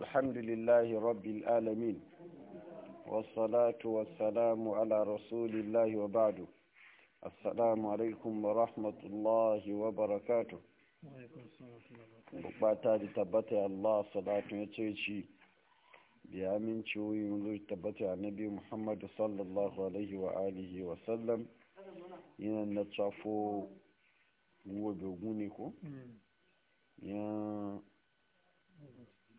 الحمد لله رب العالمين والصلاة والسلام على رسول الله وبعد السلام عليكم ورحمة الله وبركاته bukata da tabbata Allah salatu ya ce ci da aminci wuyin zai tabbata annabi Muhammadu sallallahu alaihi wa alihi wa sallam yana na tsafo gobe gune ko mm.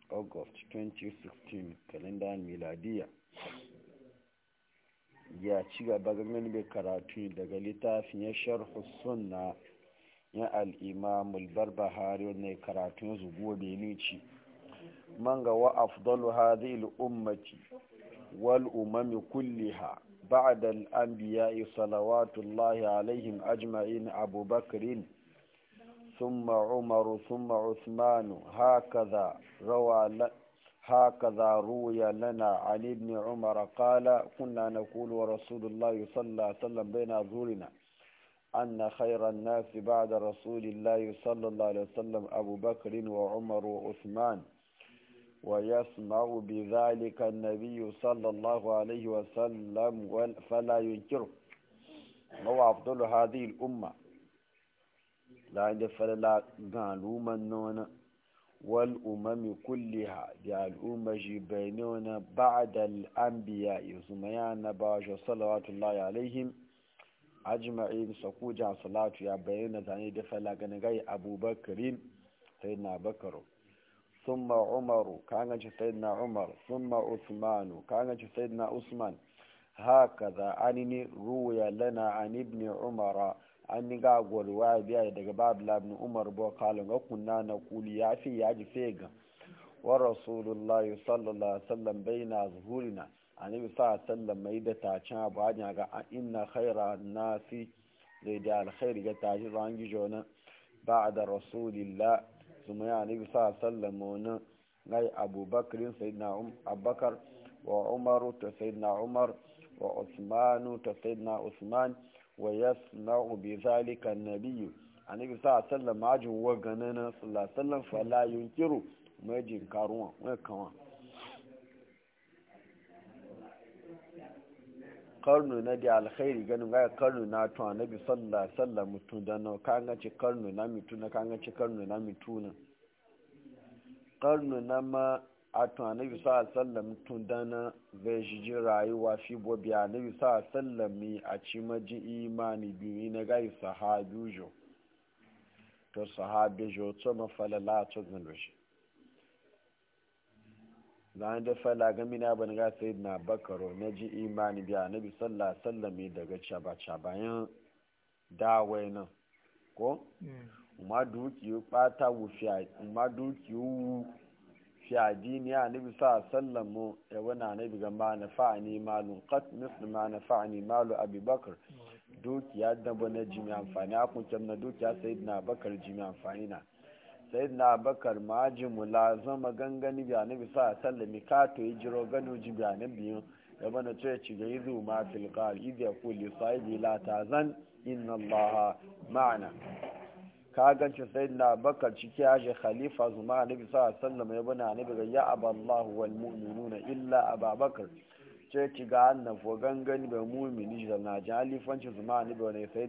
august 2016 kalendar miladiya ya ci gaba gangan bai karatu daga littafin ya sharhu sunna ya al'imam karatu ya karatun zugo benici man ga wa afdalu hadhihi al-ummati wal umami kulliha ba'da al-anbiya'i salawatullahi alaihim ajma'in abubakrin ثم عمر ثم عثمان هكذا روى هكذا روي لنا عن ابن عمر قال كنا نقول ورسول الله صلى الله عليه وسلم بين أظهرنا أن خير الناس بعد رسول الله صلى الله عليه وسلم أبو بكر وعمر وعثمان ويسمع بذلك النبي صلى الله عليه وسلم فلا ينكره هو أفضل هذه الأمة la da falala ga al'ummar nona wal umami kulliha da al'umma shi bai nuna da al'ambiya yanzu mai yana ba shi salawatullahi alaihim ajma'in sakuja salatu ya bayyana zane da falala ganin gai abubakarin sai na bakaro ثم عمر كان سيدنا عمر ثم عثمان كان سيدنا عثمان هكذا عنني روي لنا عن ابن عمر an ni ga ya biya daga babu labin umar bo kalin ga kunna na kuli ya fi ya ji fega wa rasulullahi sallallahu alaihi wasallam baina zuhurina annabi sa sallam mai da ta can ba nya ga inna khaira nasi zai da alkhairi ga ta ji da jona ba'da rasulillah kuma ya annabi sa sallam wannan ngai abubakar sayyidina um abubakar wa umaru ta sayyidina umar wa usmanu ta sayyidina usman wa yasna'u bi zalika an-nabiy annabi sallallahu alaihi wasallam ajin wa ganana sallallahu alaihi wasallam fala yunkiru majin karuwa wa kawa karnu na da alkhairi ganin ga karnu na to annabi sallallahu alaihi wasallam mutun da no ka ga ci karnu na mitu na kan ga ci karnu na mitu na karnu na ma a tunanin anabi a sallam tun dana zai rayuwa fi bobi anabi sa sallam mi a ci maji imani biyu na gai sahabi jo to sahabi jo to mafalala to gano shi zan da fala gami na ban ga sai na bakaro na ji imani biya anabi sallah sallami daga caba cabayan dawai nan ko mm. ma dukiyo bata wufiya ma yi fi addini a nabi sa sallan mu ya wana nabi ga ma na fa'ani malu kat misl ma na fa'ani malu abubakar dukiya da bana jimi amfani a kuncin na dukiya na bakar jimi amfani na na bakar ma ji mulazama gangani ga nabi sa sallan mi kato yi jiro gano ji ga nabi ya bana ce ci ga yi ma fil qal idh yaqulu sahibi la zan inna allaha ma'ana Ka sai na bakar ciki ya shi khalifa zuma nabi sa sallama ya bana nabi ga ya aballahu wal mu'minuna illa ababakar ce ki ga annafo gangan da mu'mini zuma nabi wani sai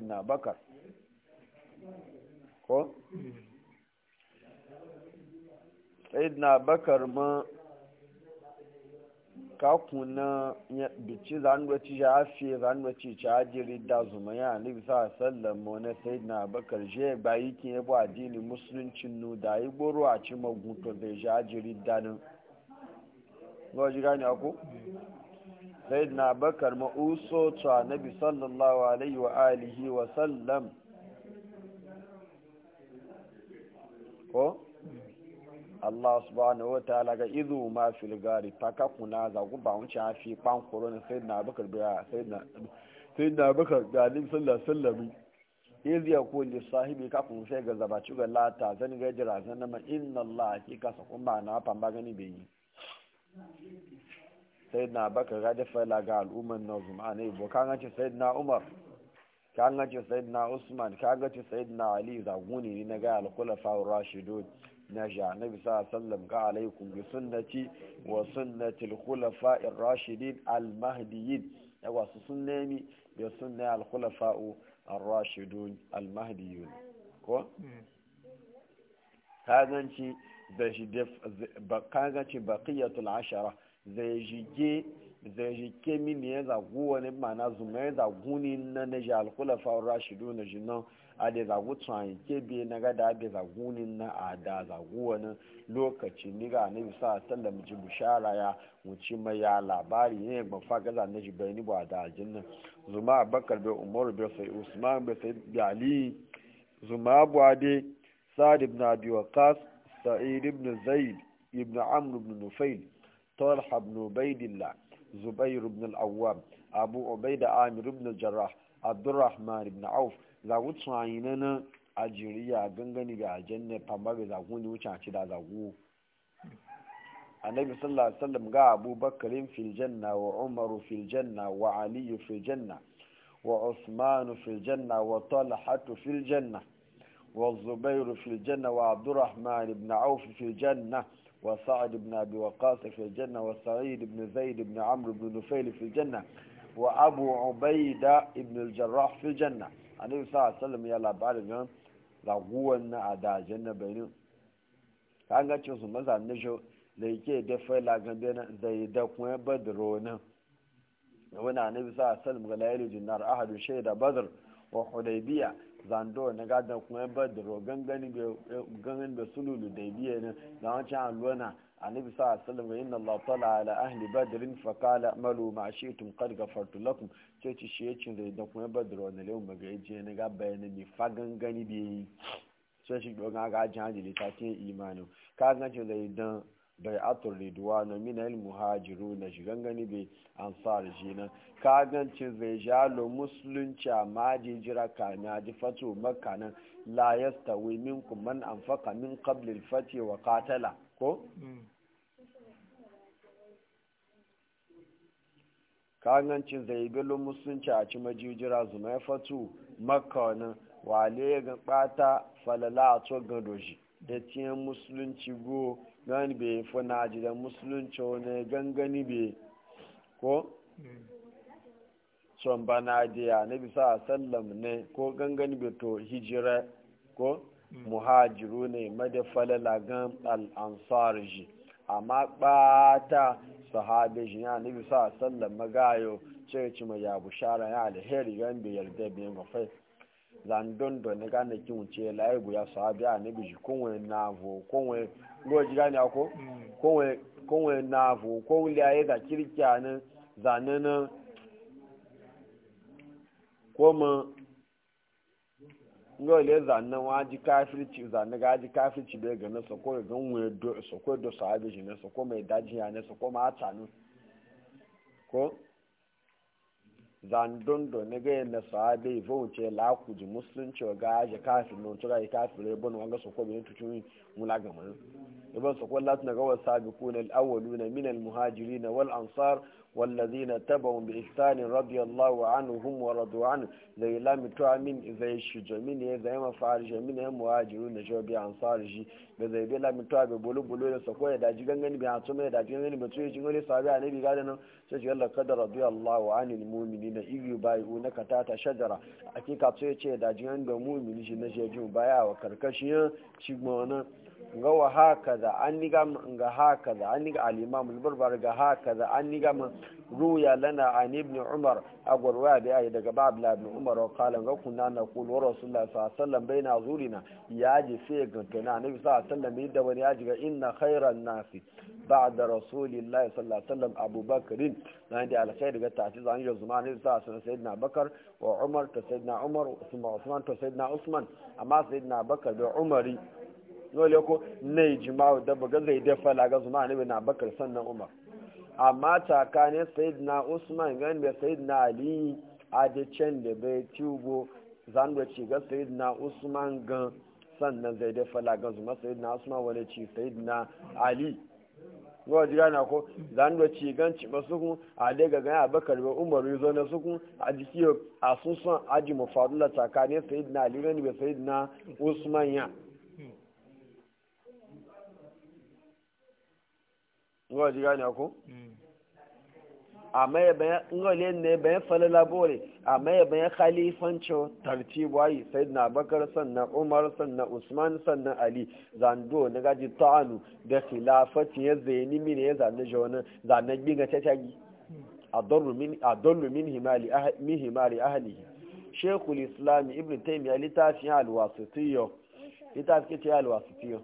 na bakar ma kakuna ci zanwaci ya fiye zanwaci ta jiri da zuma ya nabi sa sallama mona sai na bakar je bayi kin yabo addini musulunci nu da yi goro a ci magunto zai ja jiri da nan gwaji gani ako sai na bakar ma'uso ta na bi sallallahu alaihi wa alihi wa sallam ko Allah subhanahu wa ta'ala ga izu ma fil gari taka kuna za ku ba wuce fi pan korona sai na bakar biya sai na sai na bakar galib sallami izi ya ko li sahibi ka kun sai ga zabaci ga lata zan ga jira zan ma inna Allah ka sa kuma na fan ba gani bai yi sai na bakar ga da la ga al'umman nazum anai bokan ce sai na Umar ka ce sai na Usman ka ce sai na Ali za guni ne na ga al-khulafa ar-rashidun na ja na bisa sallam ga alaikum bi sunnati wa sunnati al-khulafa ar-rashidin al-mahdiyyin ya wasu sunnami bi sunna al-khulafa ar-rashidun al mahdiyyin ko kaganci da shi da kaganci baqiyatul ashara zai jige zai jike min ya zagu wani ma'ana zuma ya zagu ni na na ja al-khulafa ar-rashidun jinan a da zagu tsohon kebe na gada da zagunin na a da zagu wani lokaci ni ga na bisa sallam ji bushara ya wuce mai ya labari ne ba fa gaza na ji bayani ba da nan zuma bakar bai umaru bai sai usman bai sai ali zuma buade sa'ad ibn abi waqas sa'id ibn zaid ibn amr ibn nufail talha ibn ubaidillah zubair ibn al-awwam abu ubaida amir ibn jarrah abdurrahman ibn auf zagu tsuwayi na nan a jiriya gangani ga ajanna fama ga zagu ne wuce a ci da zagu annabi sallallahu alaihi wasallam ga abubakarin fil janna wa umaru fil janna wa aliyu fil janna wa usmanu fil janna wa talhatu fil janna wa zubairu fil janna wa abdurrahman ibn auf fil janna وسعد بن أبي وقاص في الجنة وسعيد بن زيد بن عمرو بن نفيل في الجنة وأبو عبيدة بن الجراح في الجنة annabi sa sallam ya labarin nan raguwan na adajen na benin kan ga cin su maza na shi da yake da lagan gambe na yi da kuma badro na wani annabi sa sallam ga layali jinnar ahadu shaida badr wa hudaybiya zando na gadan kuma badro ganganin da sululu da biye na da wancan alwana annabi sa asalin wa inna Allah tala ala ahli badrin fa qala malu ma shi'tum qad ghafartu lakum ce ci shi yacin da da kuma badr wannan lewu magaji ne ga bayani mi fagan gani bi sai shi dogan ga jihadi ta tin imani ka ga ce da bai'atul na min muhajiru na shigan gani be ansar jina ka gancin zai jalo musulunci ma ji jira kana ji fato maka nan la yastawi minkum man anfaqa min qabl al fati wa qatala ko hmm. ka gancin zai galo musulunci a ci majijira zuma ya fato nan wale ga bata falala a to gado shi da tiyan musulunci go gani bai fana jidan musulunci wani gangani be ko son bana diya na bisa sallam ne ko gangani be to hijira ko mm. muhajiru ne madafala lagan al'ansar ji amma ɓata sahabe ji ya na bisa sallam magayo circi mai ya bushara ya alheri yan bai yarda bai mafai zandon da na gane kin wuce layi ya sahabe a na ji kunwe na vo kunwe ruwa ji gane ko kowai navu kowai liyaye za kirkiya nan zane koma yau le zane wa ji kafirci zane ga ji kafirci bai ga na sako ga nwe na mai daji ya na sako ma a ko dondo ne ga na sahabe fa wuce lakuji musulunci wa ga aje kafin nan tura ya kafin rai bani wanga su bin tuci mu mula gama ibon su kwallat na gawar sabiqun al-awwaluna min al-muhajirin wal ansar والذين تبعوا بإحسان رضي الله عنهم ورضوا عنه زي لا متوع من إذا يشجع من إذا ما فعل جميل هم مهاجرون جواب أنصار جي بزي بلا متوع ببلو بلو يسقوا إذا جيغن غني بيعصم إذا جيغن غني بتوع جيغن غني صابع عليه بيقالنا سجل الله قد رضي الله عن المؤمنين إذ يبايعونك تحت شجرة أكيد كتوع إذا جيغن بمؤمن جي نجي جو بايع وكركشيا شيغمانا nga wa haka da an niga ga haka da an niga al-imam al-barbar ga haka da an niga ruya lana an ibn umar Agwar agwarwa da yayi daga babu ibn umar wa qala Nga kunna na qul wa rasulullah sallallahu alaihi wasallam baina zurina yaji sai ga tana nabi sallallahu alaihi wasallam da wani yaji ga inna khairan nasi ba'da rasulillah sallallahu alaihi wasallam abubakar nan da alkhair ga tafi zan yi zuma ne sa sunan sayyidina bakar wa umar ta sayyidina umar usman usman ta sayyidina usman amma sayyidina bakar da umari nole ko na ijma'u da buga zai dafa lagar zuma annabi na bakar sannan umar amma tsakanin na usman gan da na aliyu a da can da bai tubo zan da ci ga na usman gan sannan zai dafa lagar zuma na usman wani ci na ali gawa jira na ko zan ci gan ci ba sukun a da ga gani abakar ba umar yi zo na sukun a jiki a sun son aji mafadula tsakanin na ali gan da na usman ya ngọ́ ji gane ko amma ya bayan ngole ne bayan falala bore amma ya bayan khalifanco tartibu ayi sayyidina bakar sannan umar sannan usman sannan ali zando na gaji ta'anu da khilafati ya zaini mini ya zanne jona zanne ginga ta tagi mm. adallu min adallu min himali ah-, min himali ahlihi shaykhul islam ibn taymiyyah litafiyal wasitiyyo litafiyal wasitiyyo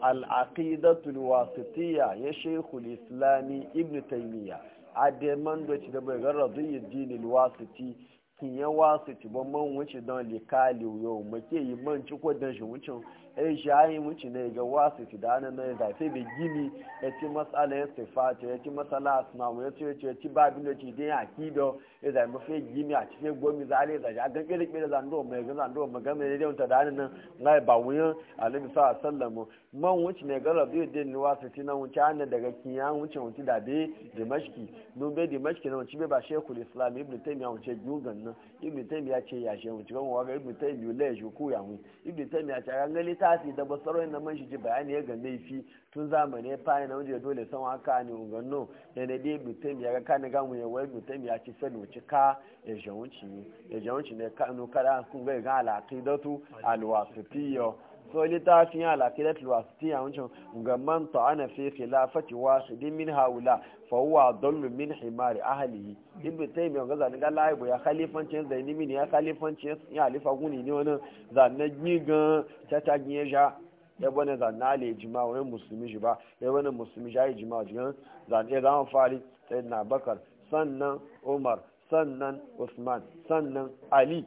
al'aqidatul wasitiyya ya shekul islami ibn taimiyya a deman da ci da bai gara zuyi dinil wasiti kin ya wasiti ban man wuce don likali yau make yi man ci ko dan shi wucin ai eh, shayi wuce ne ga wasu fidanan na da sai da gini ya ci matsala ya sifata ya ci matsala asma mu ya ce ya ci babin da ci dai akido ya zai mafi gini a cikin gomi zale da ja ga kire kire zan do mai zan do mai ga mai da danin nan lai ba wuyan alaihi sallallahu man wuce ne ga rabi da ni wasu tina wuce an daga kiyan wuce da be dimashki be dimashki be ba islam ibn taymiya jugan nan ibn taymiya ce ya ga wa ga ibn taymiya ya mu ibn taymiya littafi da basarorin na manshi ji bayani ya gane fi tun zamani ya fara na ya dole san haka ne ungano ya na dai mutum ya ga kani gamu ya wai mutum ya ci sani wuce ka ya jawunci ne ya jawunci ne kanu kada kun ga ga alaƙidatu alwasifiyyo so littafin alaƙidat wasitiya wancan gaman ta'ana fi khilafati wasidin min haula fa huwa dallu min himari ahlihi ibnu yi ga zani ga laibu ya khalifancin zaini min ya khalifancin ya halifa guni ne wani zanne ni ga ta ta giyeja ya bane zanne ale jima wani musulmi shi ba ya bane musulmi shi jima jigan zanne zaman fari sayyidina bakar sannan umar sannan usman sannan ali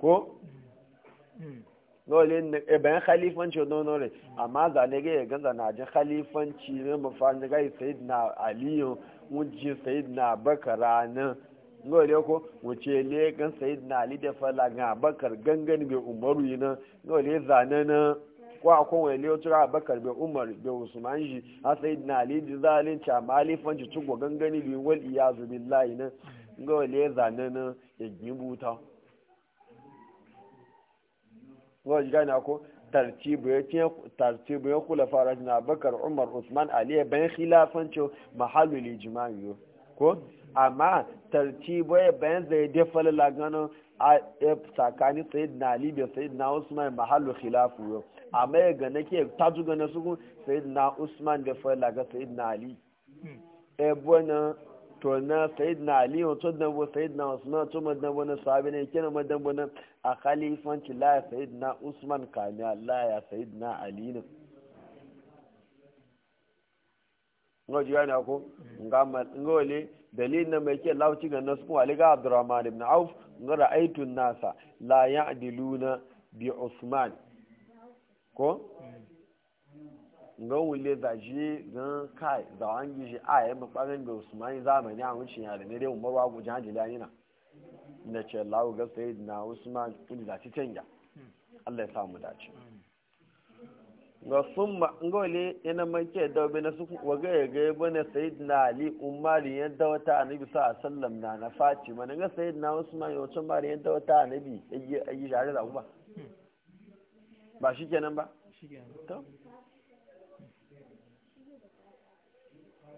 ko hmm. lole eh, bayan khalifanci don nore amma ne ga ya ganza na ji khalifanci ne mafarin da gai sayid na aliyu wujji sayid na bakara nan lole ko wuce ne gan sayid na ali da fala ga bakar gangan bai umaru yi nan lole zane na ko a kowane ne wata a bakar bai umar bai usman shi a sayid na ali ji zalunci amma alifanci tugo gangani bai wal iyazu billahi nan dole zane na ya gimbuta. buta wani gane ko tartibu ya kula fara na bakar umar usman ali bayan khilafancin mahallul ijma'i ko amma tartibu ya bayan zai defa lagano a tsakanin sayid na ali da sayid na usman mahallul khilafu yau amma ya gane ke taju gane su sayid na usman da fa laga sayid na ali ebe hmm. na to na sayyidina ali wa to dan bo sayyidina usman to madan bo na sahabi ne kina madan bo na a khalifanci la sayyidina usman Kami allah ya na ali ne ngoji yana ko ngama ngole dalil na mai ke lauci ga nasu Ali ga abdurrahman ibn auf ga aitun nasa la ya'diluna bi usman ko ga wule za shi gan kai za an yi shi a yi makarin da usmani zamani a wuce ya da ne dai umaru a guji hajji da yana na ce lawo ga sai na usman kudi za ci canja allah ya samu dace ga sun ma ngole yana manke da obi na su waga ya ga yabo na sayid na ali umari yadda wata anabi sa sallam na na faci mana ga sayid na usman yau can mari yadda wata anabi ya yi shahara da kuma hmm. ba shi kenan ba shi kenan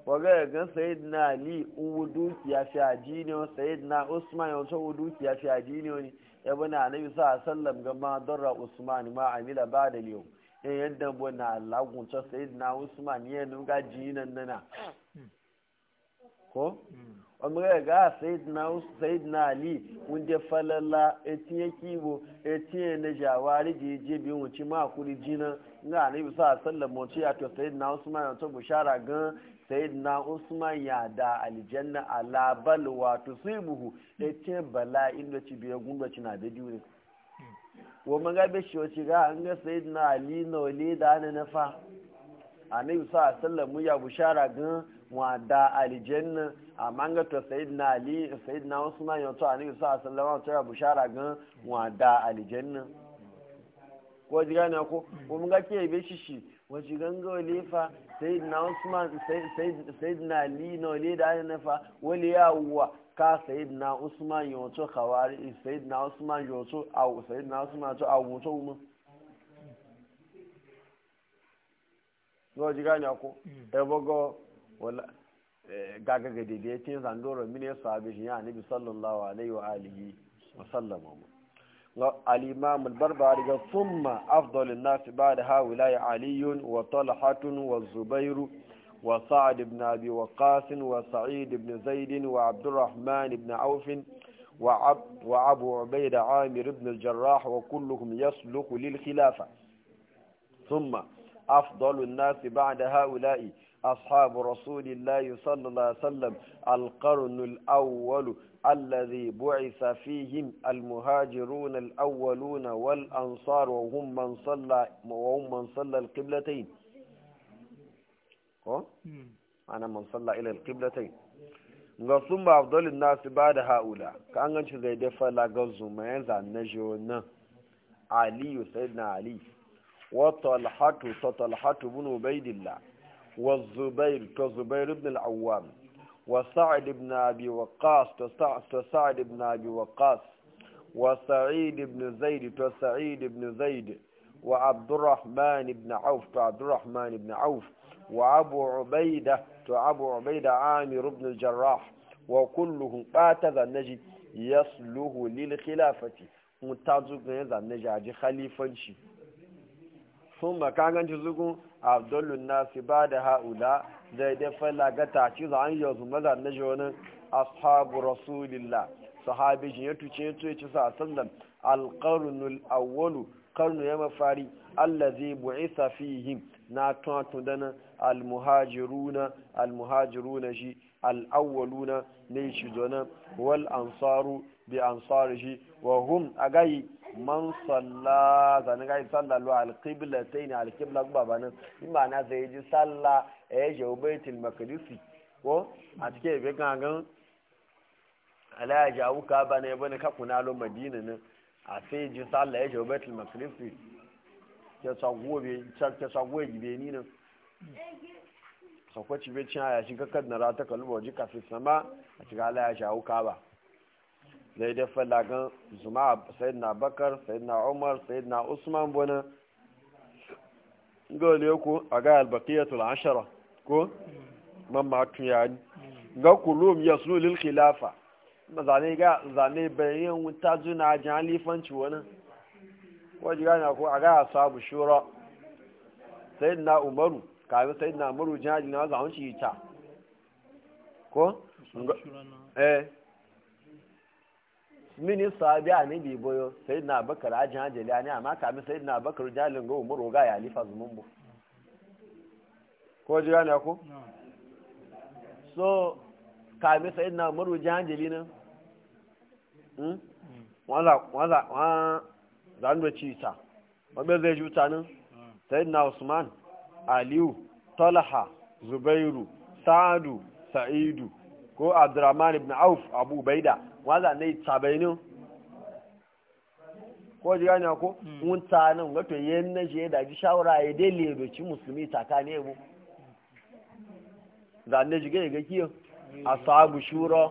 waga ga sayyidina ali uwu dukiya fi ajini sayyidina usman ya wato dukiya fi ajini ne na annabi sa sallam ga ma dora usman ma amila ba da yau eh yadda bu na kun ta sayyidina usman ya nuga jinan nana ko amma ga sayyidina sayyidina ali wunde falala etiye kibo etiye na jawari je je bi wuci ma kuri jinan na annabi sa sallam mu ce to na usman to bushara gan na usman ya da aljanna ala bal wa tusibuhu yace bala inda ci biya gunda ci na da diure wa mun ga bishi wace ga an ga na ali na wale da na nafa annabi sa sallam mu ya bushara gan wa da aljanna amma ga to na ali na usman ya to annabi sa mu ya bushara gan wa da aljanna waje gane ko ko mm. mun ga ke be shi shi waje ganga fa sai na Usman sai na Ali na wale da ana fa wale ka sai na Usman yo to khawari sai na Usman yo to au sai na Usman to au to mu waje gane ko e wala eh, gaga ga dede tin zandoro mine sahabi ya nabi sallallahu alaihi wa alihi wa sallama الإمام البربري ثم أفضل الناس بعد هؤلاء علي وطلحة والزبير وسعد بن أبي وقاص وسعيد بن زيد وعبد الرحمن بن عوف وعب وعبو عبيد عامر بن الجراح وكلهم يصلح للخلافة ثم أفضل الناس بعد هؤلاء أصحاب رسول الله صلى الله عليه وسلم القرن الأول الذي بعث فيهم المهاجرون الأولون والأنصار وهم من صلى وهم من صلى القبلتين أنا من صلى إلى القبلتين ba abdullin nasu ba da ha'ula ka an ganci zai dafa lagarzu mai yanzu na jiyonan aliyu sai na ali wata alhatu ta talhatu wa ta zubair ibn وسعد بن أبي وقاص وسعد بن أبي وقاص وسعيد بن زيد وسعيد بن زيد وعبد الرحمن بن عوف وعبد الرحمن بن عوف وأبو عبيدة وأبو عبيدة عامر بن الجراح وكلهم قاتل النجي يصله للخلافة متازق النجي عجي خليفة ثم كان جزء عبد الناس بعد هؤلاء daidai falla ga taci za an yanzu maza na jonin ashabu rasulillah sahabi jin ya tuce ya tuce sa sallam alqarnul awwalu karnu ya mafari allazi bu'isa fihim na tuntun na almuhajiruna almuhajiruna shi al'awwaluna ne shi zonan wal ansaru bi ansari shi wa hum agayi man salla zane ga salla lo alqibla tayn alqibla ba banan bi na zai ji salla e je baitul maqdis ko a cikin be gangan ala ya jawu ka bana ya ne ka kuna lo madina nan a sai ji salla e je baitul maqdis ke tsago be ke tsago e be ni nan sakwaci be cin aya shi kakkar na rata kaluba ji kafin sama a cika ala ya jawu ka ba zai da falagan zuma na bakar sayidina umar sayidina usman bona gole ku a ga albaqiyatul ashara ko mamma tuyani ga kulum yaslu lil khilafa zane ga zane bayan wuta zuna jalifanci wani wajen na ko a ga sabu shura na umaru kafin na umaru jihadi na zaunci ta ko eh mini sahabi a ne bi boyo sai na bakar ajin hajjali a a amma mi sai na bakar jalin ga umaru ga ya lifa zumun bu ko ji gane ku so mi sai na umaru ji hajjali nan hmm? hmm. wanda zanuwa ci ta wabe zai juta nan hmm. sai na usman aliyu talaha zubairu sa'adu sa'idu ko abdurrahman ibn auf abu baida waza ne tsabai ne ko ji gane ko hmm. mun ta nan wato yen na je da ji shawara ya dai ledoci musulmi ne mu da ne ji ga ga a hmm. asabu shura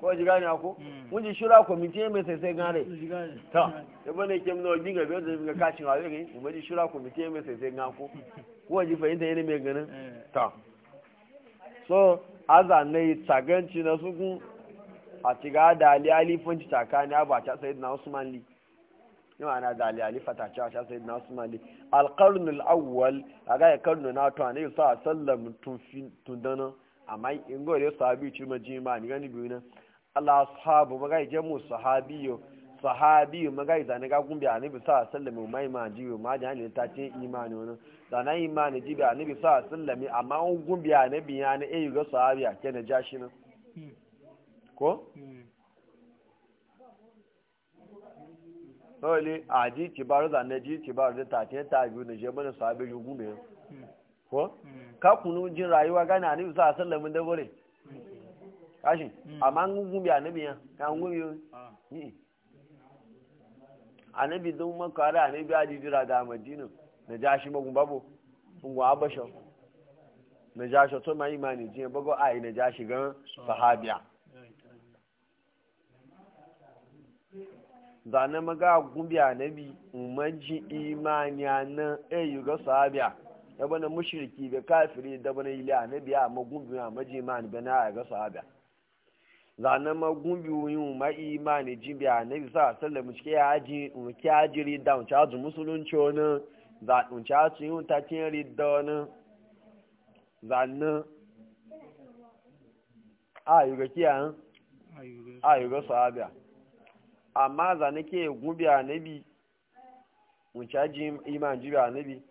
ko ji gane ko hmm. mun ji shura committee mai sai sai gane ta da bane kem no ji ga bezo ga kashin wa ga mun ji shura committee mai sai sai gane ko ko ji fahimta yana mai ganin eh. ta so aza na yi tsaganci na suku a ga da ali alifanci ni abu a ta sayi na usman li yawa ana da ali alifa ta cewa ta na usman li alkarnul awwal a ga ya karnu na to ne sa sallam tundana amma in gore sahabi ci ma ni gani biyu nan Allah ashabu maga ijen mu sahabiyo sahabi magai zane ga gumbi annabi sa sallam mai ma jiyo ma jani ta ce imani wannan zana imani jibi annabi sa sallami amma un gumbi annabi ya ne eh ga sahabi a kenan jashi nan ko Dole a ji kibaru zane ji kibaru da tafiye ta biyu na je mana sahabi yi gumbi ko ka kunu jin rayuwa gane annabi sa sallamin da bore kashi hmm. amma an gumbi annabi ya ka gumbi ah. anabi zan maka da anabi a jijira da madina na ja shi magun babu ungu abasha na ja shi to mai imani jiya bago a na ja shi gan sahabiya zane maga gumbi anabi umarji imani na eyi ga sahabiya ya bana mushriki ga kafiri da bana ila anabi a magumbi a majimani bana ga sahabiya zane magun biyu ma imani jin biya na bisa sallam cike ya ji unki ajiri da unci azu musulunci wani za unci azu yin ta cin ridda wani zane a yi ga kiya eh? a yi ga sahabiya amma zane ke gun biya na bi unci aji imani ji biya na bi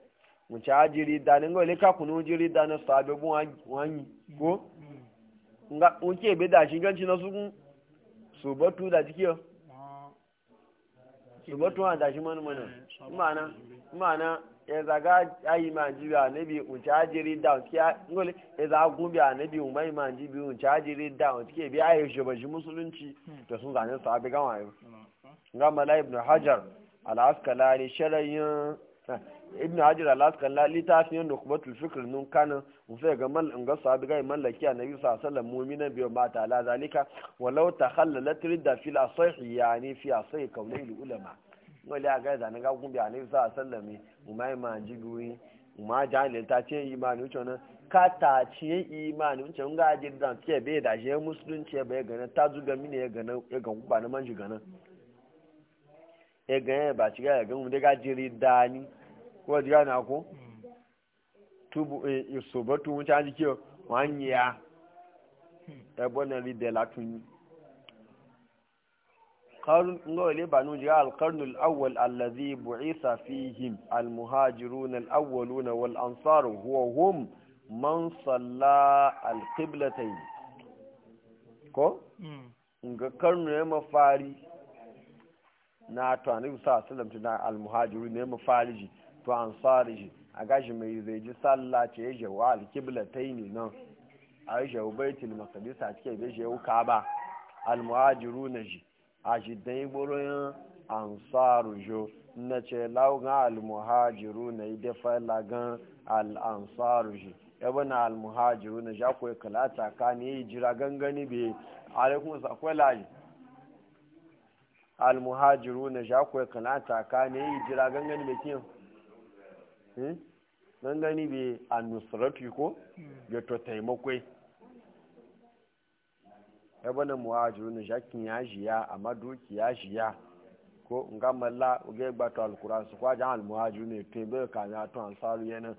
unci ajiri da ni ga wale kakunu jiri da na sahabi gun wani ko mm, mm. nga unke be da shi ganci na su subatu da jikiyo subatu da shi mana mana mana mana ya zaga ayi ma jibi anabi unce ajiri da unke ngole ya za gumbi anabi umai ma jibi unce ajiri da unke bi ayi shobaji musulunci da sun zane sahabi gama yau hmm. nga mala ibn hajar al-askalani ibn hajar al-asqal la litafin nukmatul fikr nun kana musa ga mal in ga sahabi ga mallaki annabi sallallahu alaihi wasallam mu'mina bi ma ta la zalika da takhallalat ridda fil asih ne fi a sai asih kaulil ulama wala ga da ga gumbi annabi sa alaihi wasallam umai ma ji jiguri umma jahilin ta ce imani wuce nan ka ta ce imani wuce ga ajin dan ce bai da shi musulunci bai gana ta zuga mini ya gana ya gana guba na manji gana ya gana ya ba shiga ya ga mu daga jiri dani ko ji gane ko tubu eh, eh, tu mun ta ji kiyo ya? ebo na ri de tun qarn ngo le banu ji al qarn al awwal alladhi bu'itha fihim al muhajirun al awwalun wal ansar huwa hum man salla al qiblatayn ko hmm. Nga karnu ya mafari na to annabi sallallahu alaihi wasallam al muhajirun ne mafari to ansari a gashi mai zai ji sallah ce ya jawo alkibla ta yi nan a yi jawo baitul maqdis a cike ka ba kaba almuhajiru na ji a shi yi gburin ansaru jo na ce laugan almuhajiru na yi dafa lagan al'ansaru ji na almuhajiru na ja kalata ka na yi jira gangani bai alaikun sakwai laji almuhajiru na ja kuwa kala tsakani yi jira gangani bai kiyan Hmm? nan gani bi a nusrafi ko ya to taimakwai ya bane muhajiru na shakin ya shiya amma doki ya shiya ko nga malla gba to alquran su kwa jan almuhaju ne to be ka ya to ansaru yana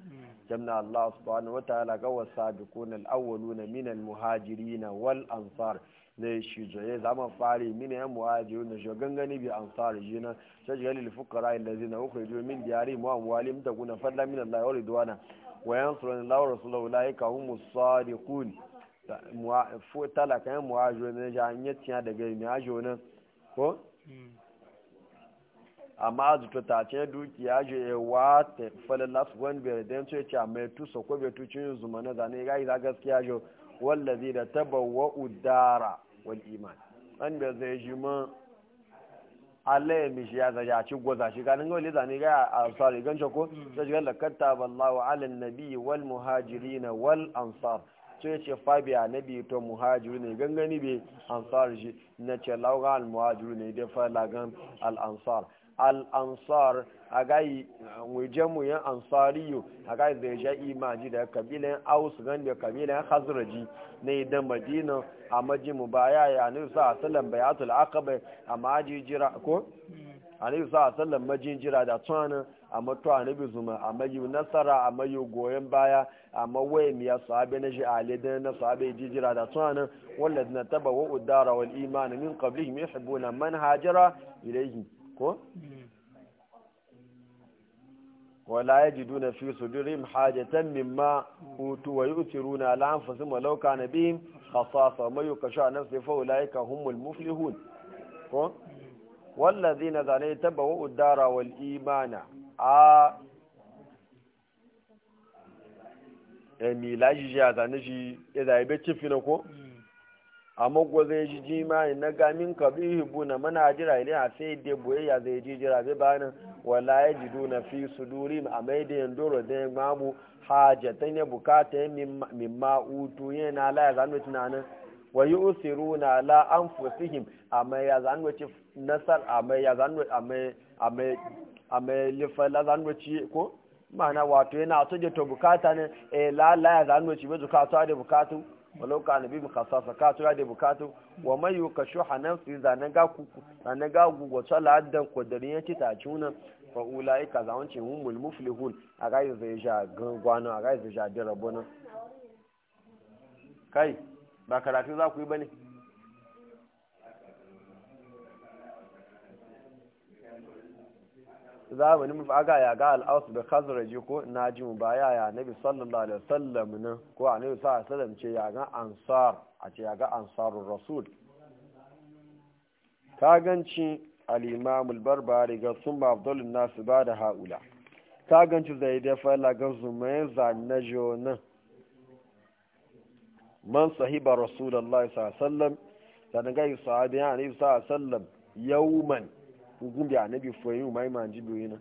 jamna hmm. allah subhanahu wa ta'ala ga wasabiquna alawwaluna min almuhajirin wal ansar ne shi joye zama fari min ya muhajiru na shogan gangani bi ansar jina sai ga lil fuqara allazina ukhriju min diyari mu amwalim ta kuna fadla min allah wa ridwana wa yansuruna allah wa rasuluhu ulaika humus sadiqun mu talaka muhajiru ne ja anya daga daga ajo ne ko hmm. amma azito ta ce dukiya je ya ta falin last wani biyar don ce ce mai tusa ko bai tucin zuma na zane ya yi za gaskiya je zai da taba wa udara wani iman an bai zai ji ma Allah ya shi ya zaje a ci gwaza shi ganin ga zane ya a sari ganci ko ji shiga lakatta ballawa alin nabi wal muhajiri na wal ansar ce ce fabiya na biyu to muhajiru ne gangani bai ansar shi na ce lauga al muhajiru ne fa lagan al ansar al'ansar a gayi mu ansari ansariyo a gayi zai sha imaji da kabilan aus gan da kabilan hazraji na idan madina a maji mu baya ya ne sa sallan bayatul aqaba a maji jira ko a ne sa sallan majin jira da tsana a matuwa na bizuma a mayu nasara a mayu goyon baya a mawaye miya sahabe na shi alidin na ji jira da tsana wanda na taba wa'udara wal imanin min qablihim yuhibbuna man hajara ilayhi ko wala yajiduna fi sudurihim hajatan mimma utu wa yu'thiruna ala anfusihim walau kana bihim khasasa man yukasha nafsi fa ulaika humul muflihun ko والذين ذلك udara wal imana a emilaji ya zane shi ya zaibe cifi na ko? a ko zai ji jimani na gamin kabi hibu na mana jira ne a sai da boyayya zai ji jira zai bani wala ya ji duna fi su duri a mai da yin doro zai yin mamu hajjatan ya bukata ya mimma utu yin na ala ya zanuwa tunanin wa yi usiru na ala an fusihim a mai ya zanuwa ci nasar a mai ya zanuwa a mai la zanuwa ci ko mana wato yana so to bukata ne eh la la ya zanuwa ci bai zukatu a da bukatu walau ka annabi sasa ka tura da bukatu wa man ka nafsi zanan ga ku gaku ga gu wa saladan kodarin yace a cuna fa ulaika hun mulmu filihun a ga yi zai ja gangwana a ga yi zai ja dirabona kai ba karatu za ku yi ne za mu faga ya ga al'asu da khazraji ko naji mu baya ya nabi sallallahu alaihi wasallam nan ko nabi sallallahu alaihi wasallam ce ya ga ansar a ce ya ga ansarur rasul kaganci al-imam al-barbari ga sun ba abdulun nas ba da haula ganci zai da fala ga zumai zanna jona man sahiba rasulullahi sallallahu alaihi wasallam sanan ga sahabi annabi sallallahu alaihi wasallam yawman gumbi annabi foyin mai manji doyina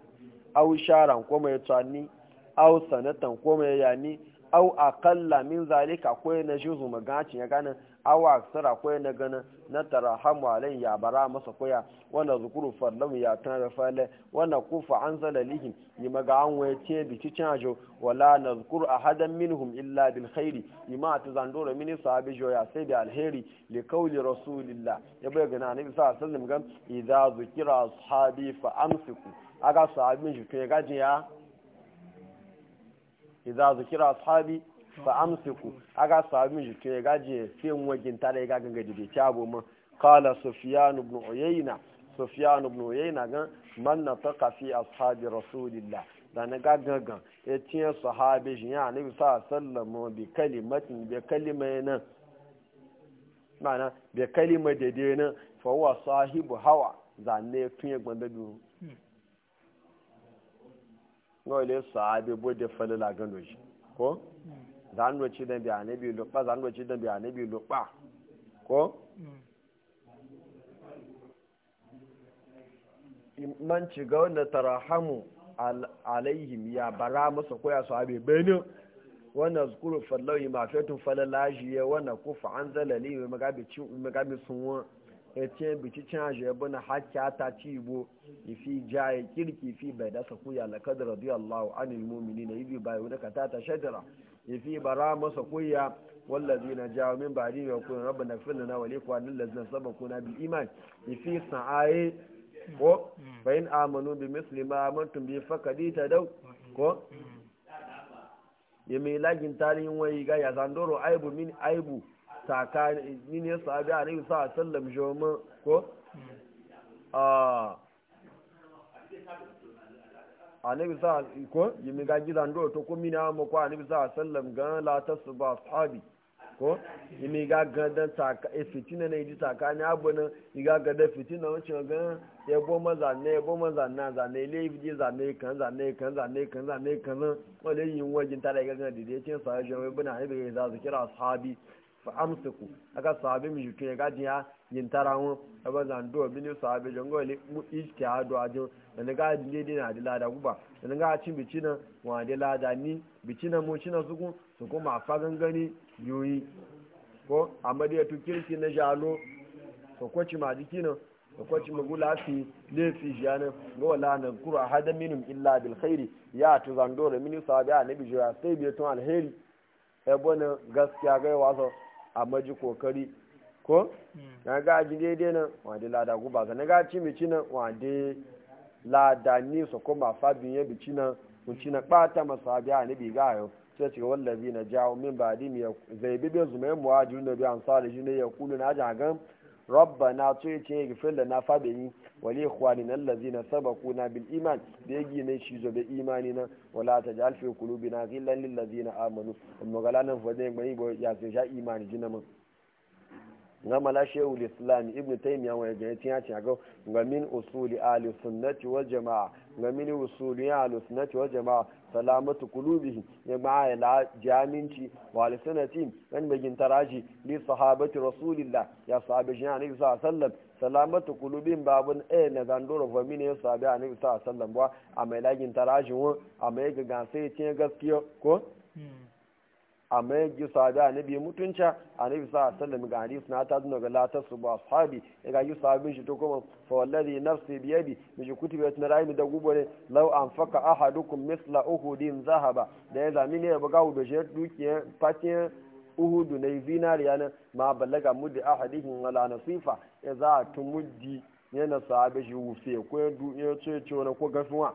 au sharan ko mai tsani au sanatan ko mai yani au akalla min zalika ko na juzu magacin ya ganin awa sara koya na gana na tara hamu alai ya bara masa koya wanda zukuru fallamu ya da rafale wanda kufa an zala lihin yi maga an waye ce bi ci cajo wala na zukuru a hadan minhum illa bil khairi yi ma ta zandora mini sahabi ya sai da alheri le kauli rasulillah ya bai gana ne bisa sallam gan idza zukira ashabi fa amsiku aga sahabin shi to ya gaji ya idza zukira ashabi fa amsiku aga sahabi jike ga je gaje fiyan wajin tare ga ganga da bai cabo ma qala sufyan ibn uyayna sufyan ibn uyayna ga man nataqa fi ashabi rasulillah da na ganga ya ce sahabi shi ya nabi sa sallama bi kalimatin bi kalimai mana bi kalimai daidai nan fa huwa sahibu hawa zanne tun ya gbanda biyu ngole sahabi bo de falala gando ko zanuwa ci don biya anabi lukpa zanuwa ci don biya anabi lukpa ko? man ci ga wanda tarahamu alaihim ya bara masa koya su abe benin wannan zukuru fallawi mafetun falalashi ya wannan kufa an zalali mai magabi sunwa e ya ce bici cin hajji ya buna haka ta ci ibo ifi jaye kirki fi bai dasa kuya lakadar radiyallahu anil mumini na ibi bai wani ka ta shajara yafi bara masa kuya wallazi na jawo min ba ri ko rabba na fil na wali ko annal lazina sabba kuna bil iman fi sa'ai ko fa in amanu bi misli ma amantum bi faqadi tadaw ko yemi lagin tarihin wai ga ya sandoro aibu min aibu taka min ya sabi a nabi sallallahu alaihi wasallam jomo ko a annabi sa ko yimi ga gidan do to ko mina mu ko annabi sa sallam ga la tasba ashabi ko yimi ga ga da ta e fitina ne ji ta kan abu nan yi ga ga da fitina wancin ga ya bo maza ne ya bo maza na za ne le ji za ne kan za ne kan za ne kan za ne kan ko le yin wajin ta da ga ga dide cin sa je wai bana annabi su za zikira ashabi fa amsiku aka sahabi mi juke ga diya yin tara wọn ẹgbẹ́ zandor mini sọ da ngọ́ ilé da ìṣkẹ́ na àjọ ẹnìká àdílé ní àdíládà gúbà ẹnìká àti bìtì náà wọn àdíládà ní bìtì náà mú ṣínà sókún sókún ma fa gangan ní yoyi ko amadi tu kirki na jalo sokwaci ma jiki nan sokwaci ma gula fi lefi jiya nan ga wala na kura hada minum illa bil khairi ya tu zando da mini sahabi a nabi jiya sai biya e tun alheri ebo na gaskiya ga e wazo a maji kokari ko hmm. na ga ji daidai nan wade lada guba ga na ga ci mai cinan wade lada ne su kuma fabin ya bici nan kunci na ɓata masu abi a nabi ga yau sai ce wallazi na jawo min ba di mai zai bi su mai mu ji na biyan sa da shi ya kulu na gan rabba na to ya ce ya gifin da na fabin yi wale kwani nan lazi na saba kuna bil iman da ya gina shi zo da imani na wala ta ji alfe kulubi na zillan lillazi na amanu amma galanin fadin mai ya sai sha imani jinamin nga mala shehu islam ibnu taymiya wa ga tiya ce ga gamin usuli ahli sunnati wal jamaa gamin usuli ahli sunnati wal jamaa salamatu qulubihi ya ma'a la jaminci wa al sunnati kan bagin taraji li sahabati rasulillah ya sahabi jani nabi sallallahu salamatu qulubin babun e na zandoro fa min ya sahabi nabi sallallahu ba a mai lagin taraji wa a mai ga sai tiya gaskiya ko hmm. amma ya ji sahabi annabi mutunca annabi sa sallam ga hadis na ta zuna ga latar su ba sahabi ya ga ji sahabin shi to kuma fa wallazi nafsi bi yadi mi ji kutubi ya tunara da gubo ne law an faka ahadukum misla uhudin zahaba da ya zami ne ya buga wudo shi dukiyar fatiyan uhudu na zinariya na ma balaga muddi ahadihin wala nasifa ya za a tun muddi yana sahabi shi wufe ko ya duniya ce ce wani ko gafiwa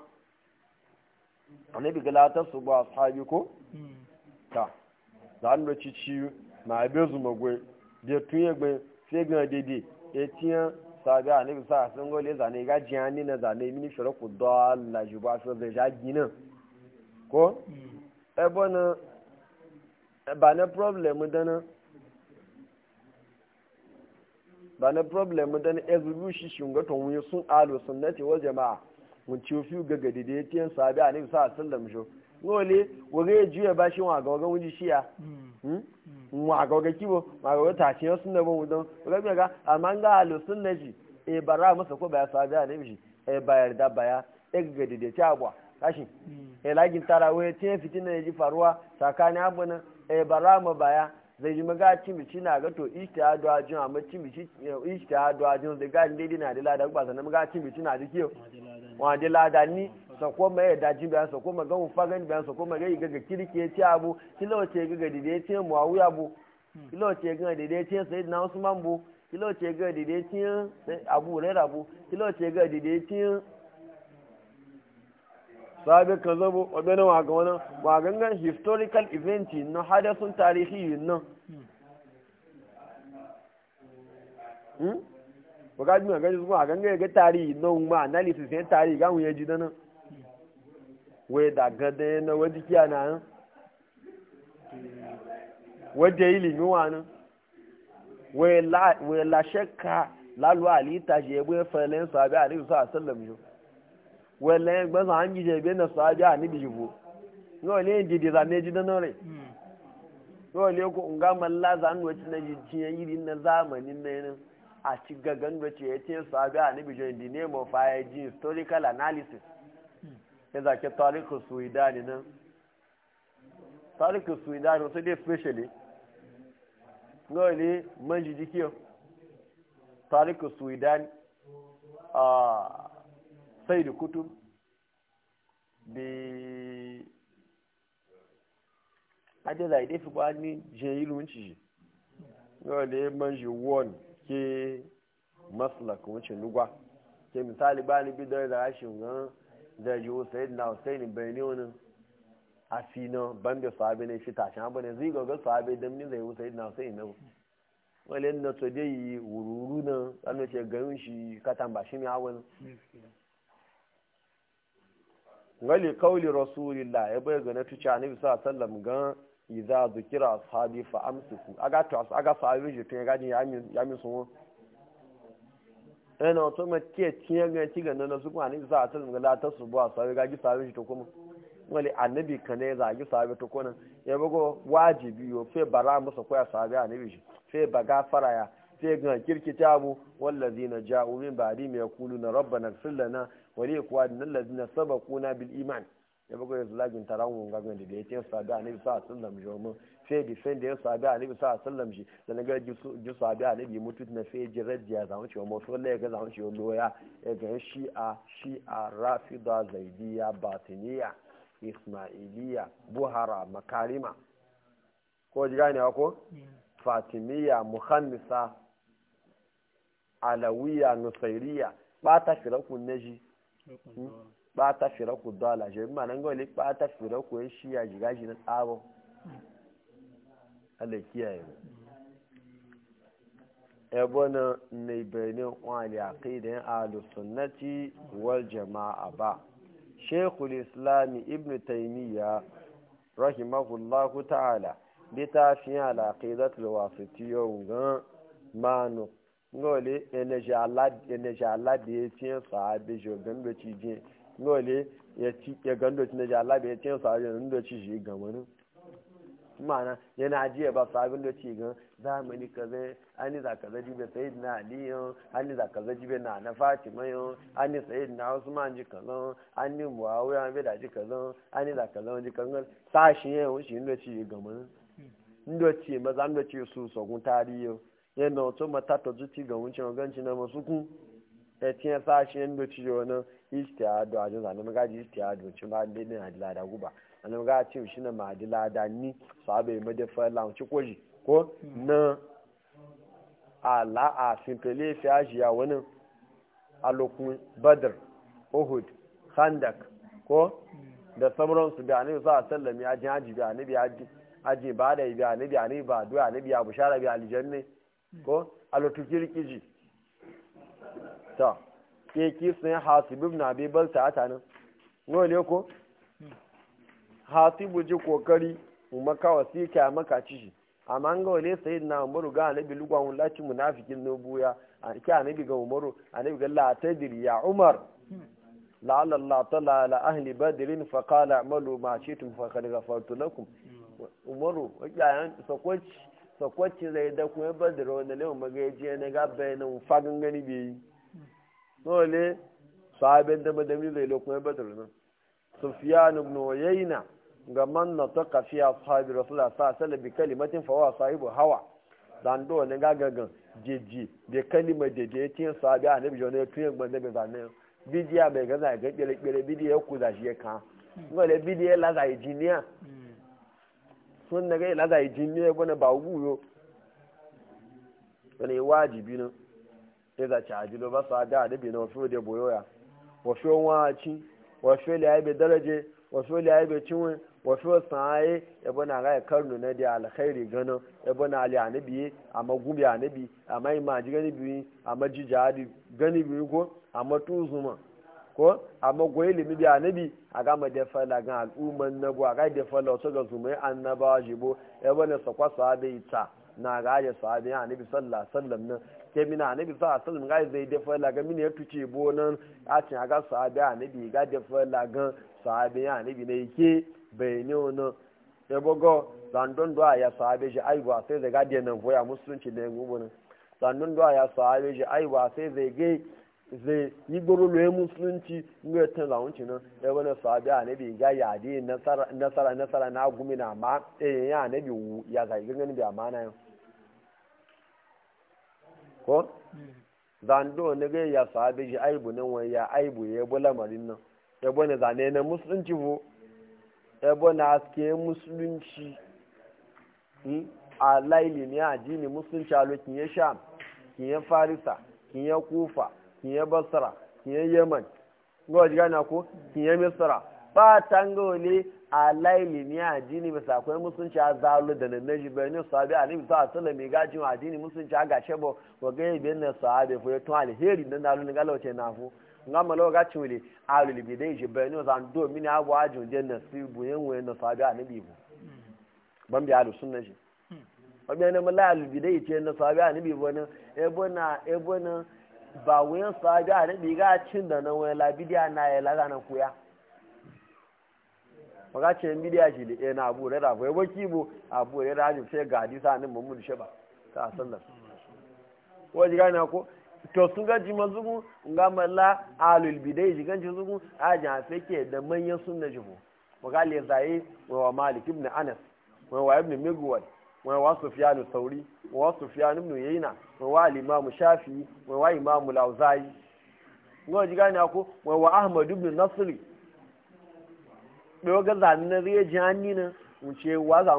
Anabi ga latar su ba sahabi ko hmm. ta zando cici ma abe zuma gwe da tun ya gbe sai gana daidai ya tiya sabi a nabi sa sun gole zane ga jiyani na zane mini shiro ku dala ji ba su zai ja gina ko ebo na ba na problem dana ba na problem dana ezubu shi shungaton wuyi sun alo sunnati wal jama'a mun ci fi gaga didi e ya tiya sabi a bi sa sun lamsho ngole wage juya ba shi wa gawaga wuji shiya hmm? Hmm. Hmm. wa gawaga kibo wa gawaga tashi wasu na bon wudon ga mi ga amma ga alu sunna ji e bara masa ko baya sabi a nabi e bayar da baya e ga dede ta abwa kashi e lagin tarawe tin fitina ya ji faruwa tsakanin abuna ebara bara mu baya zai ji maga cimici na ga to ishta adu ajin amma cimici e, ishta adu ajin zai ga dede na da ladan ba sanan maga cimici na da kiyo wa da ladan ni sako ma ya daji bayan sako ma gan fagan bayan sako ma yi gaga kirki ya ci abu kila ga gaga da ya ce muawiya bu kila wace gaga da ya ce sayyidina usman bu kila wace gaga da ya ce abu rera bu kila wace gaga da ya ce sabe ka zabo wabe na waga wani wagangan historical event na hadasun tarihi nan hmm? wakajin wagangan su kuma wagangan ya ga tarihi nan ma analysis ne tarihi gawun ya ji nan wai da gada yana wadda kiya na nan wadda yi limiwa wai la shakka alita shi ebe falen sabi a nufi sa sallam jo wai la hangi shi na sabi a nufi yau ne yin zane ji nore yau ne ko nga malla zanu wacce na jijiyan iri na zamanin na yanin a ci gagan ya ce sabi a nufi indi ne mo ji historical analysis ya zake tarikin suidani nan tarikin suidani wasu dai specially nawa ne manji jikiyar tarikin suidani a sai da kutu bi adela ide fi kwa ni je ilu nci ji nawa ne manji won ke maslaka wuce lugwa ke misali ba ni bidon da rashin gan zai yiwu sayid na hussein bayani wani a fina ban da sahabi na shi tashin abu ne zai gaggar sahabi don ni zai yiwu sayid na hussein na wani na to dai yi wururu na ranar ce garin shi katan ba shi ne awon ngali kauli rasulillah ya bai gane tuce a nabi sa sallam gan idza zikira ashabi fa amsiku aga to aga sahabi je to ya gajin ya min sun ɗan wato mace ciyar ga ci ganda na suku hannun isa a tsarin ga latar su ba sabi ga gisa abin shi ta kuma wani annabi ka ne za a gisa abin ta kuna ya bago wajibi yau fe bara masa koya sabi nabi shi fe ba gafara ya fe ga kirkita abu wallazi na ja'u min ri mai kulu na rabba na na wani kuwa na lazina sabakuna bil iman ya bago ya zulagin tarawun gagan da ya ce sabi nabi sa a tsarin da mu sai da ya sabi alibi sa sallam shi da naga ji sabi alibi mutu na sai ji rajiya zamu cewa mu sallah ya ga zamu wa loya ya e ga shi a rafida zaidiya batiniya ismailiya buhara makarima ko ji gane ko fatimiya muhammisa alawiya nusairiya bata ba ta bata firaku dala je ma nan ga wani bata firaku ya shiya jigaji na tsabon Allah kiyaye mu ebona ne benin wani aqidan ahlus sunnati wal jama'a ba shekul islami ibn taymiya rahimahullahu ta'ala littafin alaƙidat lwasiti yau gan manu ngole energy alade ya tiyan sahabi shi gando ci je ya gando ci alade ya tiyan sahabi na gando ci gamanin mana yana jiya ba sabin da ce gan zamani kaza ani za kaza jibe sayid na aliyu ani za kaza jibe na na fatima yo ani sayid na ma ji kaza ani muawiya bai da ji kaza ani za kaza ji kaza sashi ye o shi ndo ci gama ndo ma za ndo su so tari tariyo yana wato mata to ga ga wuncin ganci na masukun e etin sashi ndo ci wani na istiado ajin zanen magaji istiado cin ba ne na da guba ana ga ce shi na madila da ni mada fara launci kwaji ko na ala a simfele fi ajiya wani alokun badr uhud khandak ko da sauransu bi annabi sa sallam ya ji haji bi annabi haji haji ba da bi annabi annabi ba duwa annabi ya bushara bi ne ko alotukir kiji ta ke kisan hasib ibn abi balta atanin ngole ko hatibu ji kokari maka wasika maka ci amma an ga wale sai na umaru ga anabi lugwa mun laci munafikin no buya ki anabi ga umaru anabi ga la tadri ya umar la'alla ta tala ahli badrin fa qala amalu ma shi'tum fa qad ghafartu lakum umaru yayan sakwaci sakwaci zai da kuma badro ne le umaga yaje ne ga bayanin fagan gani bi wale sahaben da madami zai lo kuma badro nan sufyan ibn uyayna gaman na ta kafiya sahabi rasulullah sa sallam bi kalimatin fawa wa sahibu hawa dan do ne ga gagan jeje be kalima jeje tin sahabi annabi jone tin gban da be zanne bidiya be ga zai ga bele bele bidiya ku da shi ka ngole bidiya laza yi injiniya sun daga laza yi injiniya bana ba guyo wani wajibi ne sai za ci ajilo ba sa da annabi na wasu da boyoya wasu wa ci wasu ya be daraje wasu ya be cinwe wafi wasu haye yabo na gaya karnu na da alkhairi ganin yabo na ali anabi a magubi anabi a mai maji gani biyu a maji jihadi gani biyu ko a matuzuma ko a magoyi limi bi anabi a gama da fala ga al'umman nabo a ga da fala wasu ga zumai annabawa jibo yabo na sakwa sahabe ita na gaya sahabe anabi sallallahu alaihi wasallam nan ke mina anabi sa sallam ga zai da fala ga mini ya tuce bonan a cin a ga sahabe anabi ga da fala ga sahabe anabi ne yake bayani wani ya bugo zandun duwa ya sahabe shi aiwa sai zai gadiya nan voya musulunci da ya gugu nan zandun duwa ya sahabe shi aiwa sai zai gai zai yi gburu lo musulunci ngo ya tun zaunci nan ya wani sahabe a nabi ga ya di nasara nasara na gumi na ma eh ya nabi wu ya zai gangan bi amana yau ko zando ne ga ya sahabe shi aibu nan wani ya aibu ya bula marin na ebo ne zane na musulunci bu ebo na aske musulunci hmm? alaili ni aji ni musulunci alo kiye sham kinye farisa kinye kufa kinye basra kinye yemen gawa ji gana ko kinye misra ba tango ne ni aji ni a akwai mai sakwai musulunci a zalo da nan ji bayanin sahabi a nabi sa'a sallam mai gajin a jini musulunci a gashe ba wa gaya biyan na sahabi fuyo tun alheri don na lulu galawace na fu nga malo ga chule alul bidai je beno zan do mini abu ajun je nasibu na sabi anabi bu ban bi alu sunna je wabi na mala je na sabi hmm. na hmm. bu ne na ba we sabi anabi ga cin da na we la bidia na ya la na kuya e na abu da abu da ga ta ko to sun gaji mazugu nga mala alul bidai jigan jizugu a jan fake da manyan sunna jibo wakali zai wa malik ibn anas wa ibn migwal wa sufyan thauri wa sufyan ibn yayna wa al-imam shafi wa imam al-auza'i ngo jigani ako wa ahmad ibn nasri be ga zanne riye jani na wunce waza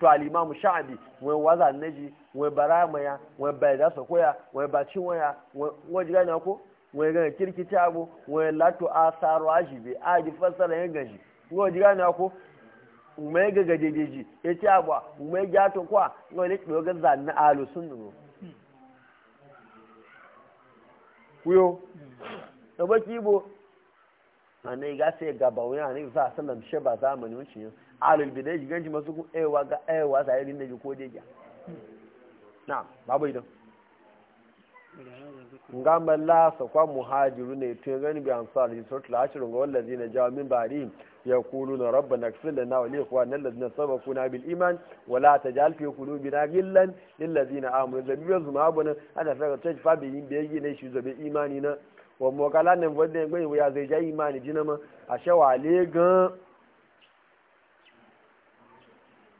to alima mu sha'abi wai waza naji wai baramaya wai bai da sa koya wai baci waya wai jiga na ko wai ga kirkiti abu wai lato asaru ajibe aji fassara yan gaji wai jiga na ko mai ga gajejeji ya ci abu mai to kwa wai ne do ga zanna alu sun hmm. kuyo da baki bo ane ga sai gaba wani za a sanar shi ba zamani wuce yin alul bidai eh, eh, ji ganji masu kun ewa ga aiwa sa yi rinna ko dai ya na babu idan ngamba la sa kwa muhajiru ne tun gani bi ansar yi suratul lashirin ga wallazi na jawo min bari ya kulu na rabba na kafin da nawa ne kuwa nan lazina saba kuna bil iman wala ta ji fi kulu bi na gillan lillazi na amuru zabi yanzu ma abu nan ana saka ta fa bi yin biyayya ne shi zabi imani na wa mokala nan wadda gbe iwe ya zai ja imani jina ma a shawa le gan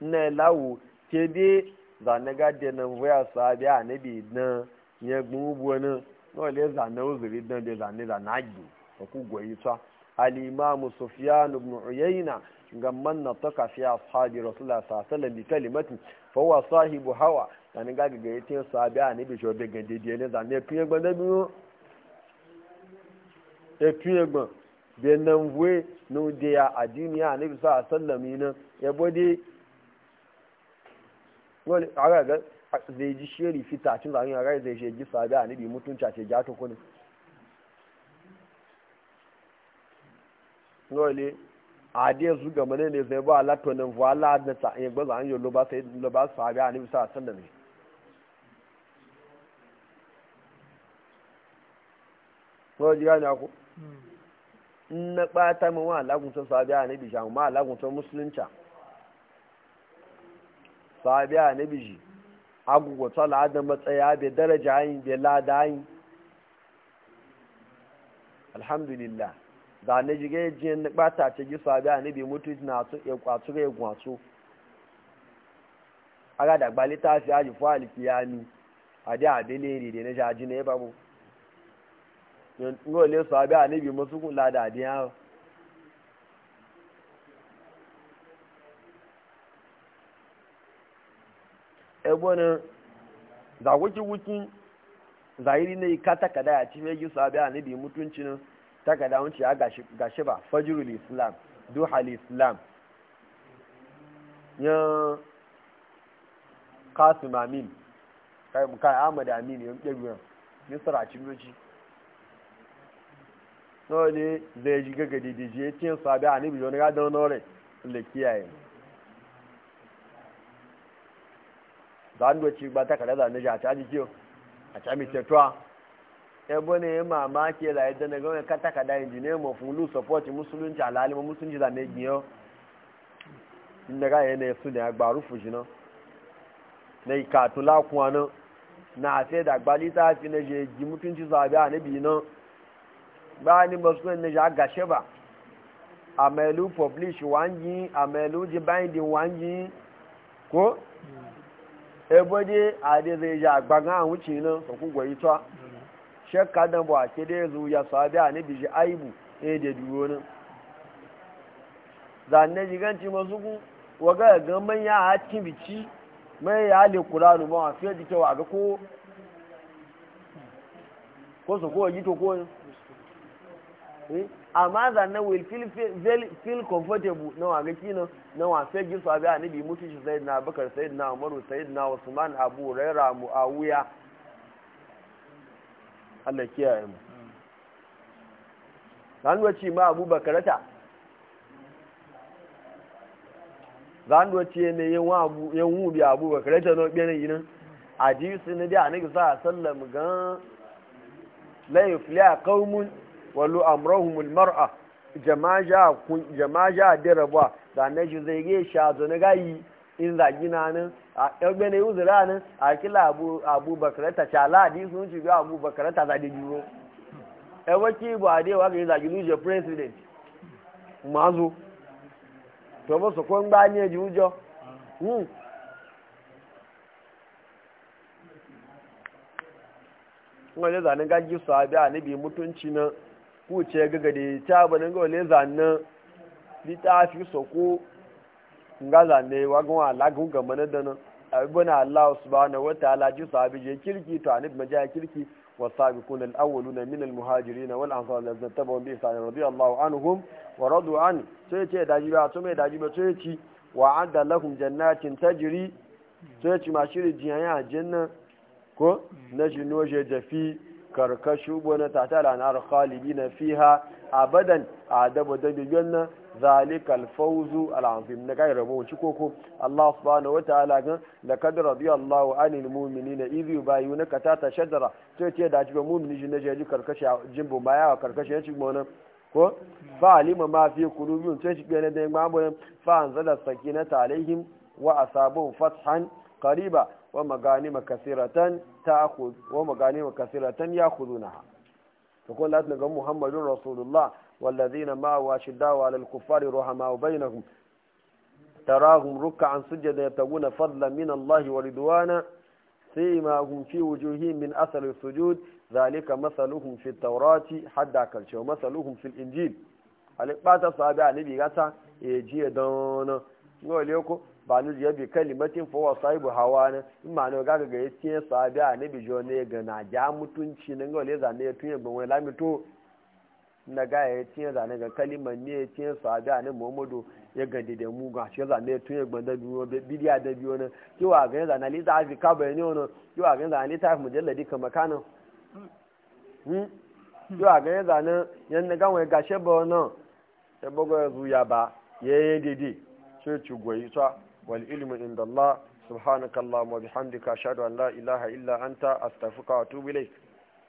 na lawo ke de zanaga de nan voya sabi a nabi na ya gbun ubu na na le zana ozuri dan de zane na agbo oku ku tsa al-imam sufyan ibn uyayna gamman na taka fi ashabi rasulullah sallallahu alaihi wasallam bi kalimatin fa huwa sahibu hawa dan ga ga yatin sabi a nabi shobe gande de ne zane kun gbandabi etu egbon da nan vwe na ude a duniya na bisa a sallami nan ya bode wani aga zai ji shiri fita cin zafin aga zai shi ji sabi a nabi mutunci a ce ja ta kunin wani a dai su gama ne zai ba a nan vuala da sa'ayi gbaza an yi loba sabi a nabi sa a sallami wani ji ako na ɓata mu wa alagunta sabiya na biji amma alagunta musulunca nabi shi agogo tsala la'adar matsaya bai daraja yi bai lada yi alhamdulillah da na jiga jiyan na ɓata ta gi sabi a bi mutu na su ya kwatu ga ya gwatsu aga da gbalita fi ajifu alifiyani a da abin ne na jaji na ya babu ngo le so abi anibi mo sukun la da di an ebona za wuki wuki zahiri ne ka takada ya ci me gi so abi anibi mutuncin takada wuce ya gashi gashi ba fajrul islam duhal islam ya qasim amin kai kai ahmad amin yan kebuyan nisra cin nole zai dị gaga didije cin sabi a nibi wani gadon nore le kiyaye za ni gba ba ta kare zane a caji o a cami tetuwa ebo ne ya mamaki ya zai dana ka takada injiniya mafulu support musulunci alalima musulunci zane giyo inda ga yana su ne agbaru fushi na na ikatula kuwa na na sai da agbalita fi na je gi mutunci sabi a nibi báyìí bọ́ sukuu ní ṣe àgàṣẹ́ bá àmẹ́lú publish wà ń yín àmẹ́lú jí báyìí wà ń yín kó ebóde àdéhùn àgbàgán àwọn tì iná náà gbọ̀ yìí tọ́ ṣé kádàbọ̀ àkédé ìlú yasọ̀ abẹ́ àníbi ṣe áìbù ní èdè dúró náà waga a e mai ya le a ko ko yi to ko Hmm? amma za na will feel feel comfortable na wa ga kino na wa gisu abi a annabi mutu shi na bakar sai na umaru sai sayyidina usman abu raira wuya Allah kiyaye mu za zan wace ma abu bakarata zan wace ne yan wa abu abu bakarata no bi nan a hadisi ne da annabi sallallahu a sallama gan la yufliha qaumun walu amurahun mar'a jama'a ja da rabuwa da na shi zai ge sha zo na gayi in zagi na nan a ɗaube e na yi uzura nan a kila abubakar ta cala sun ci ga abubakar ta zaɗi juro ɗan e waki ba dai wa ga yi zagi luje president mazo to ba su kwan ba ne jujo wani zanen gaji su abi a nabi mutunci na. kuce gagade ta banin ga wani zanne lita fi soko nga zanne wa gan wa lagun ga mana da nan abubuwan allahu na wata alaji su sabi je kirki to anib a kirki wa sabi kun al'awalu na min almuhajiri na wani amfani da zanta ba wani sani rabi allahu an hum wa radu an to ya ce ya daji ba to mai daji ba to ya ci wa an da lahun jannatin ta jiri to ya ci ma shirin jiyan yajin nan ko na shi nuwa shi jafi karkashin bona ta tala na alkhalibi na fiha abadan adabu da biyan ذلك الفوز العظيم نغاي ربو شكوكو الله سبحانه وتعالى كان لقد رضي الله عن المؤمنين اذ يبايعونك تحت شجره تيتي دا جبا مؤمن جن جاجي كركشي a مايا كركشي يشي ko fa alima ma fi qulubihim shi bayan da yamma bayan fa anzala sakinata alaihim wa asabu fathan qariba wa maganim kasiratan ta'khud wa maganim kasiratan ya'khudunaha to ko lati ga muhammadun rasulullah wal ladina ma wa shidda wa al kufari rahama wa bainahum tarahum ruk'an sujada yatawuna fadlan min allahi wa ridwana sai hum fi wujuhi min asl al sujud dhalika mathaluhum fi tawrati hadda kal shaw mathaluhum fi al injil al ibata sabi anbi gata ejiedon ngo leko ba nu ya bi kalimatin fo wa sahibu hawana in ma no ga ga ya sa sahabi a nabi jo ne ga na ja mutunci nan ga le za ne tun ban wai to na ga ya ce za ne ga kalimar ne ya ce sahabi a ne muhammadu ya ga dede mu ga ce za ne tun ya ban da biyo bidiya da biyu ne ki wa ga za na li za fi ka bayani wono ki wa ga za ne ta mujalladi kama kana hmm ki wa ga za ne yan na ga wai ga shebo no ya bugo ya zuya ba yayin dede sai ci goyi sa wal ilmu inda Allah subhanakallahumma wa bihamdika ashhadu an la ilaha illa anta astaghfiruka wa atubu ilayk